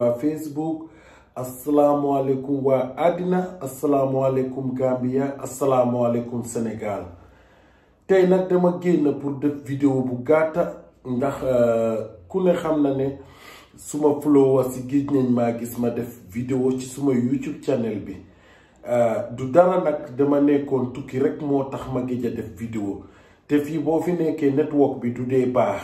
waa facebook asalaamualeykum waa àddina asalaamualeykum Gambia asalaamualeykum Sénégal tey nag dama génn pour def vidéo bu gàtta ndax euh, ku ne xam na ne suma followers si géej nañ gis ma def vidéo ci suma YouTube channel bi euh, du dara nag dama nekkoon tukki rek moo tax ma gijj a def vidéo te fii boo fi nekkee network bi du dee baax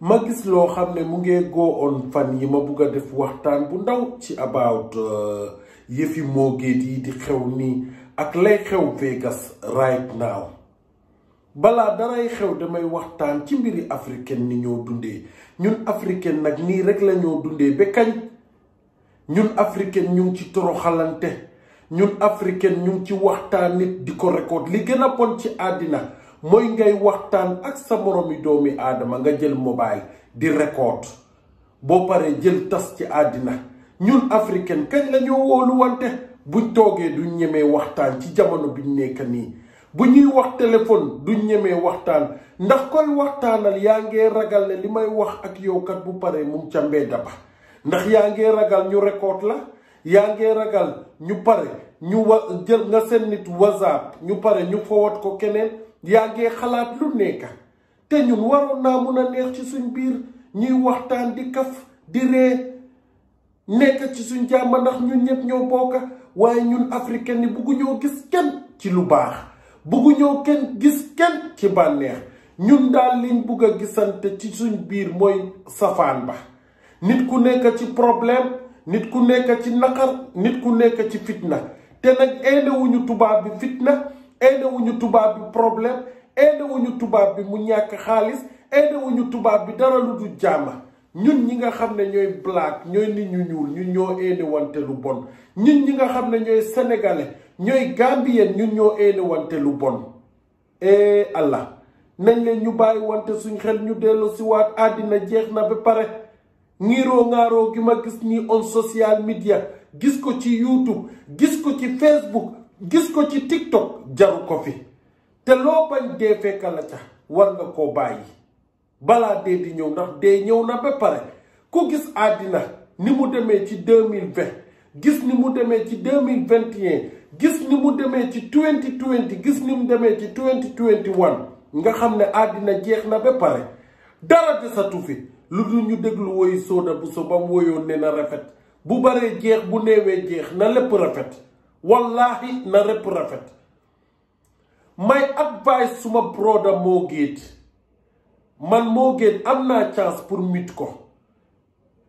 ma gis loo xam ne mu ngee go on fan yi ma bugg a def waxtaan bu ndaw ci about uh, yëfi moo yi di xew nii ak lay xew Vegas right now balaa daray xew damay waxtaan ci mbiri africain ni ñoo dundee ñun africain nag nii rek la ñoo dundee ba ñun africain ñu ci toroxalante ñun africain ñu ngi ci waxtaan nit di ko record li gën a bon ci àddina mooy ngay waxtaan ak sa moroomi doomi aadama nga jël mobile di record boo paree jël tas ci àddina ñun africain kañ la ñoo wante bu toogee du ñemee waxtaan ci jamono biñ nekk nii bu ñuy wax téléphone du ñemee waxtaan ndax koy waxtaanal yaa ngee ragal ne li may wax ak yow kat bu paree mu ngi ca mbedd ba ndax yaa ngi ragal ñu record la yaa ngee ragal ñu pare ñu wa jël nga seen nit whatsapp ñu pare ñu fowat ko keneen yàggee xalaat lu nekk te ñun waroon naa mun a neex ci suñ biir ñuy waxtaan di kaf di ree nekk ci suñ jàmm ndax ñun ñëpp ñoo bokk waaye ñun africain ni buggu ñoo gis kenn ci lu baax buggu ñoo kenn gis kenn ci bànneex ñun daal liñ bugg a gisante ci suñ biir mooy safaan ba nit ku nekk ci problème nit ku nekk ci naqar nit ku nekk ci fitna te nag eendewuñu tubaab bi fitna aidé wuñu tubaab bi problème aidé tubaab bi mu ñàkk xaalis aidé wuñu tubaab bi dara lu du jàmm ñun ñi nga xam ne ñooy black ñooy nit ñu ñuul ñun ñoo aidé wante lu bon ñun ñi nga xam ne ñooy sénégalais ñooy gambien ñun ñoo aidé wante lu bon eh Allah nañ leen ñu bàyyi wante suñ xel ñu dellu si waat àddina jeex na ba pare ngiiroo ngaaroo gi ma gis ñi on social media gis ko ci YouTube gis ko ci Facebook gis ko ci tiktok jaru ko fi te loo bañ dee fekka la ca war nga koo bàyyi balaa dee di ñëw ndax dee ñëw na ba pare ku gis àddina ni mu demee ci deux vingt gis ni mu demee ci deux mille vingt et mu demee ci twenty twenty gis ni mu demee ci twenty twenty one nga xam ne àddina jeex na ba pare dara desatu fi lu dul ñu déglu woyu Sooda Buso ba mu woyoon ne na rafet bu baree jeex bu néewee jeex na lépp rafet wallaahi na rëpp rafet may advice suma broda moo Gates man moo Gates am naa chance pour mit ko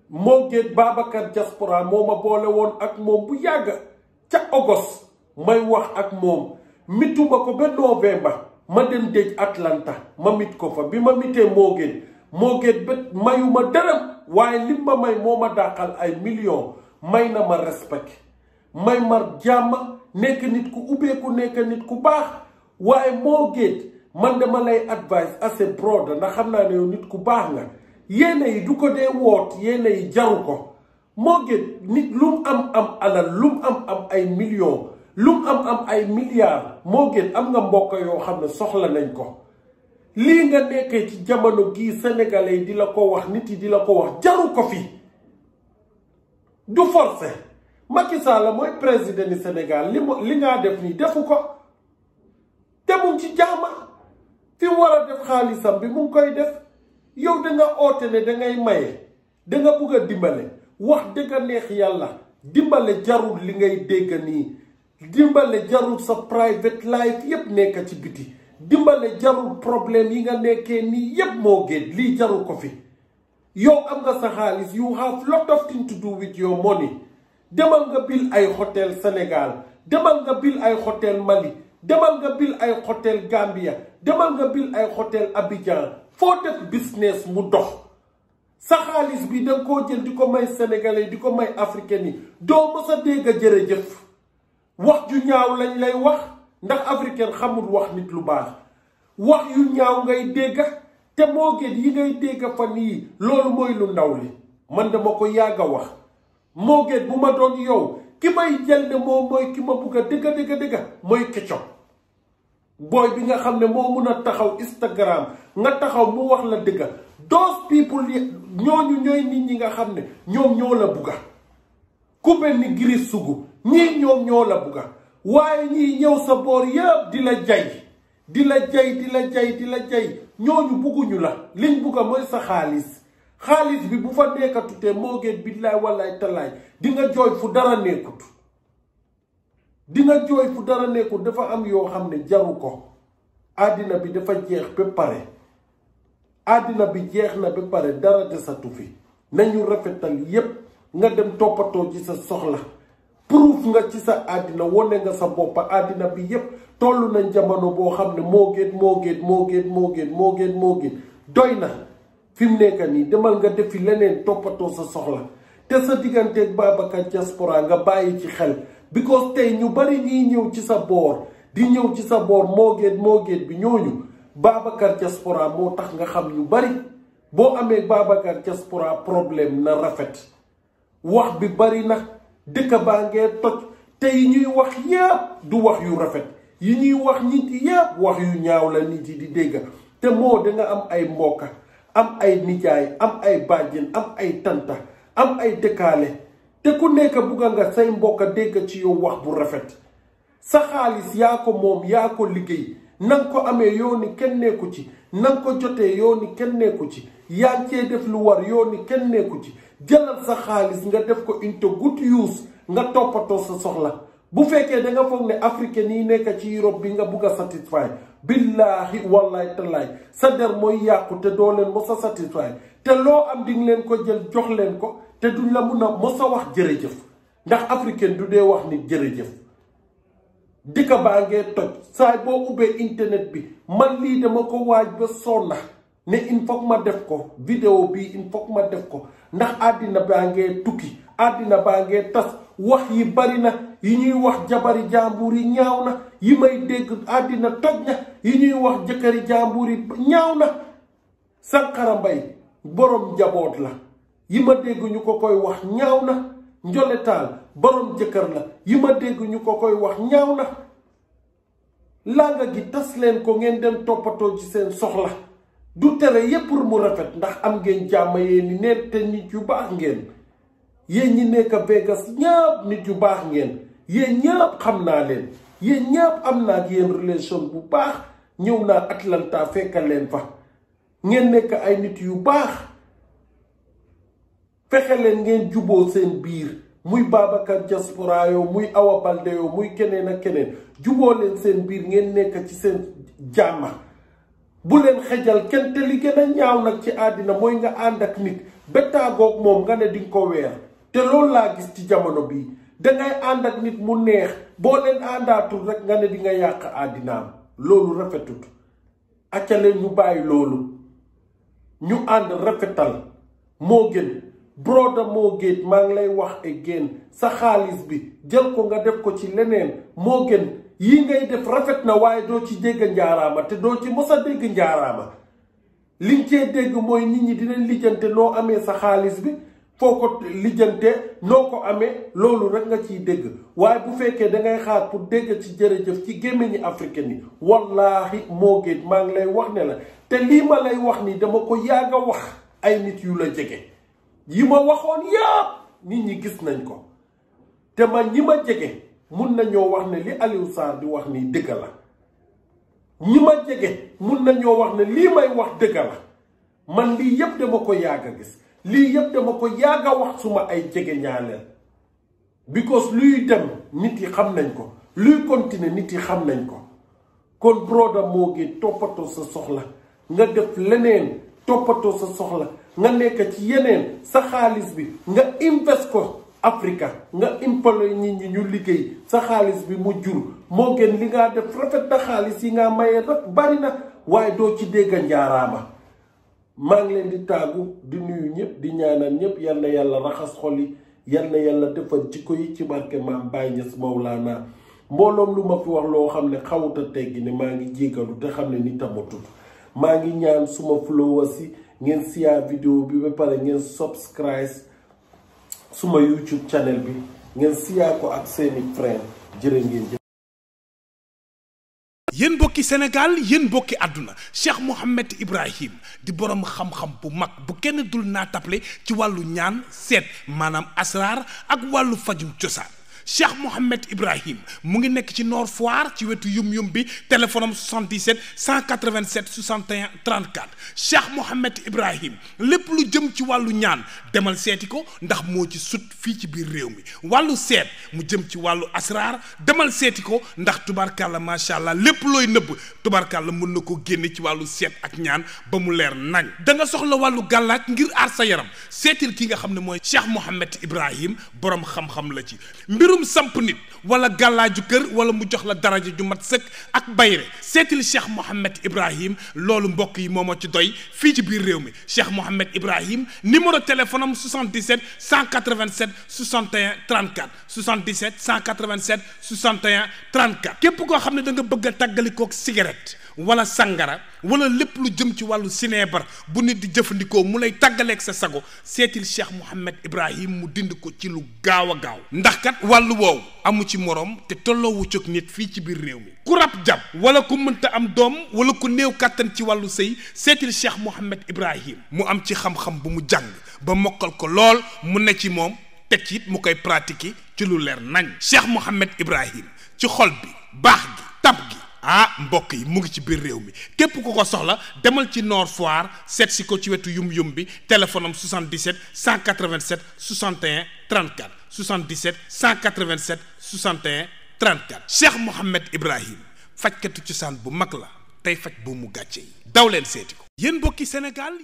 moo Gates Babacar Diaspora moo ma boole woon ak moom bu yàgg ca ogos may wax ak moom mituma ko ba novembre ma dem déj Atlanta ma mit ko fa bi ma mitee moo Gates Mo Gates ba mayuma dërëm waaye lim ma may moo ma dàqal ay million may na ma respect may mar jàmm nekk nit ku ubbeeku nekk nit ku baax waaye moo géet man dama lay advice as brother ndax xam naa ne yow nit ku baax nga yéene yi du ko dee woot yéene yi jaru ko moo géet nit lu am am alal lu am am ay millions lu am am ay milliards moo géet am nga mbokk yoo xam ne soxla nañ ko lii nga nekkee ci jamono gii sénégalais yi di la ko wax nit yi di la ko wax jaru ko fi du forcé Macky Sall mooy président du Sénégal li li ngaa def nii defu ko te mu ngi ci jaama fi mu war a def xaalisam bi mu ngi koy def yow da nga oote ne da ngay maye bugg a dimbale wax dëgg a neex yàlla dimbale jarul li ngay dégg nii dimbale jarul sa private life yépp nekk ci biti dimbale jarul problème yi nga nekkee nii yépp moo génn lii jarul ko fi yow am nga sa xaalis you have lot of thing to do with your money demal nga bil ay hôtel Sénégal demal nga bil ay hôtel Mali demal nga bil ay hôtel Gambia demal nga bil ay hôtel Abidjan foo def business mu dox sa xaalis bi da nga koo jël di ko may sénégalais di ko may africain yi doo mës a dégg jëf wax ju ñaaw lañ lay wax ndax africain xamul wax nit lu baax wax yu ñaaw ngay dégg te moo gën yi ngay dégg fan yii loolu mooy lu ndaw li man dama ko yàgg a wax. moo gën bu ma doon yow ki may jël ne moom mooy ki ma bugg dëgga dëgga dëgga mooy Ketchup booy bi nga xam ne moo mun a taxaw Instagram nga taxaw mu wax la dëgga those people yi ñooñu ñooy nit ñi nga xam ne ñoom ñoo la bugga ku mel ni Gris Sougou ñii ñoom ñoo la bugga waaye ñii ñëw sa boor yëpp di la jay di la jay di la jay di la jay ñooñu bugguñu la liñ bugga mooy sa xaalis xaalis bi bu fa te moo gën billaay wallaay tallaay di nga jooy fu dara nekkut dinga jooy fu dara nekkut dafa am yoo xam ne jaru ko àddina bi dafa jeex ba pare àddina bi jeex na ba pare dara desatu fi nañu rafetal yépp nga dem toppatoo ci sa soxla proof nga ci sa àddina wane nga sa bopp àddina bi yépp toll nañ jamono boo xam ne moo gën moo gën moo gën moo gën moo gën moo gën doy na fi mu nekk nii demal nga defi leneen toppatoo sa soxla te sa digganteeg Babacar Diaspora nga bàyyi ci xel because tey ñu bari ñuy ñëw ci sa boor di ñëw ci sa boor moo géet moo géet bi ñooñu Babacar Diaspora moo tax nga xam yu bari boo amee Babacar Diaspora problème na rafet wax bi bari nag dëkk baa ngee toj te yi ñuy wax yépp du wax yu rafet yi ñuy wax nit yépp wax yu ñaaw la nit yi di dégg te moo danga am ay mbokka am ay nijaay am ay bàjjen am ay tanta am ay dëkkaale te ku nekk bugga nga say mbokk a dégg ci yow wax bu rafet sa xaalis yaa ko moom yaa ko liggéey nanga ko amee ni kenn nekku ci nanga ko jotee yooni kenn nekku ci yaa ngi cee def lu war ni kenn nekku ci jëlal sa xaalis nga def ko into good use nga toppatoo sa soxla bu fekkee da nga foog ne africain yi nekk ci Europe bi nga bugg a satisfy billaahi wallahi tallaay sa der mooy yàqu te doo leen mos a satisfy te loo am di leen ko jël jox leen ko te duñ la mun a mos a wax jërëjëf ndax africain du dee wax nit jërëjëf dika baa ngee toj saay boo ubbee internet bi man lii dama ko waaj ba sonna ne il faut ma def ko vidéo bi il faut ma def ko ndax àddina baa ngee tukki àddina baa ngee tas wax yi bari na yi ñuy wax jabari jàmbur yi ñaaw na yi may dégg àddina toj na yi ñuy wax jëkkëri jàmbur yi ñaaw na Sankara Mbaye borom njaboot la yi ma dégg ñu ko koy wax ñaaw na njoletaal borom jëkkër la yi ma dégg ko koy wax ñaaw na langa gi tas leen ko ngeen dem toppatoo ci seen soxla du tere yépp pour mu rafet ndax am ngeen jàmm yéen ni neen te nit yu baax ngeen yéen ñi nekk Vegas ñëpp nit yu baax ngeen yéen ñëpp xam naa leen yéen ñëpp am naa ak yéen relation bu baax ñëw naa Atlanta fekkal leen fa ngeen nekk ay nit yu baax fexe leen ngeen juboo seen biir muy Babacar Diaspora yow muy Awa Balde yow muy keneen ak seen biir ngeen nekk ci seen jàmma bu leen xejal kenn te li gën a ñaaw nag ci àddina mooy nga ànd ak nit ba moom nga ne di nga ko weer te loolu laa gis ci jamono bi dangay ànd ak nit mu neex boo leen àndaatul rek nga ne di nga yàq àddinaam loolu rafetut accaleen ñu bàyyi loolu ñu ànd rafetal moo gën broda moo géet maa ngi lay wax e génn sa xaalis bi jël ko nga def ko ci leneen moo gën yi ngay def rafet na waaye doo ci dégg njaaraama te doo ci mos a dégg njaaraama liñ cee dégg mooy nit ñi dinañ lijjante noo amee sa xaalis bi foo ko lijjante noo ko amee loolu rek nga ciy dégg waaye bu fekkee da ngay xaar pour dégg ci jërëjëf ci gémmiñi africain yi wallaahi moo géej maa ngi lay wax ne la te lii ma lay wax nii dama ko yàgg a wax ay nit yu la jege yi ma waxoon yépp nit ñi gis nañ ko te man ñi ma jege mun nañoo wax ne li Aliou Sarr di wax nii dëgg la ñi ma jege mun nañoo wax ne lii may wax dëgg la man lii yépp dama ko yàgg a gis lii yëpp dama ko yàgg a wax suma ay jege ñaaneel because luy dem nit yi xam nañ ko luy continuer nit yi xam nañ ko kon broda moo ngi toppatoo sa soxla nga def leneen toppatoo sa soxla nga nekk ci yeneen sa xaalis bi nga invest ko Africa nga impale nit ñi ñu liggéey sa xaalis bi mu jur moo gën li nga def rafet na xaalis yi nga maye rek bari na waaye doo ci dégg njaaraama maa ngi leen di tàggu di nuyu ñëpp di ñaanal ñëpp yal yàlla raxas xol yi yal na yàlla defal jikko yi ci barke maam Baye Niass Mawlaana mbooloom lu ma fi wax loo xam ne xawuta teggi ne maa ngi jégalu te xam ne ni tamatul maa ngi ñaan suma flowa si ngeen siyaa vidéo bi ba pare ngeen subscribe suma YouTube channel bi ngeen siyaa ko ak seeni friend jërë ngeen jëf yéen bokki Sénégal yéen bokki àdduna Cheikh Mouhamed Ibrahim di borom xam-xam bu mag bu kenn dul naa taple ci wàllu ñaan seet maanaam asraar ak wàllu fajum cosaan Cheikh Mohamed Ibrahim mu ngi nekk ci Nord Foire ci wetu yum yum bi téléphone am 77 187 61 34 Cheikh Mohamed Ibrahim lépp lu jëm ci wàllu ñaan demal seeti ko ndax moo ci sut fii ci biir réew mi wàllu seet mu jëm ci wàllu asraar demal seeti ko ndax tubarkalla macha allah lépp looy nëbb la mën na ko génne ci wàllu seet ak ñaan ba mu leer nañ da soxla wàllu gàllaak ngir aar sa yaram seetil ki nga xam ne mooy Cheikh Mohamed Ibrahim borom xam-xam la ci mbirum samp nit wala gàllaaju kër wala mu jox la daraja ju mat sëkk ak bayre seetil cheikh Mouhamed Ibrahim loolu mbokk yi moo ma ci doy fii ci biir réew mi cheikh Mouhamed Ibrahim numéro téléphone am 77 187 61 34 77 187 61 34 képp koo xam ne da nga bëgg a tàggalikook cigarette wala sangara wala lépp lu jëm ci wàllu sineebar bu nit di jëfandikoo mu lay tàggaleek sa sago seetil Cheikh Mouhamed Ibrahim mu dind ko ci lu gaaw a gaaw ndax kat wàllu woow amu ci moroom te tolloowu cog nit fii ci biir réew mi ku rab jàpp wala ku mënta am doom wala ku néew kàttan ci wàllu sëy seetil Cheikh Mouhamed Ibrahim mu am ci xam-xam bu mu jàng ba mokkal ko lool mu ne ci moom teg ci it mu koy pratiquer ci lu leer nañ Cheikh Mouhamed Ibrahim ci xol bi baax ah mbokk yi mu ngi ci biir réew mi képp ku ko soxla demal ci noor Foire seet si ko ci wetu yum yum bi téléphone am 77 187 61 34 77 187 61 34 Cheikh Mouhamed Ibrahim fajkatu cosaan bu mag la tey faj bu mu gàcce yi daw leen seeti ko. yéen mbokki Sénégal.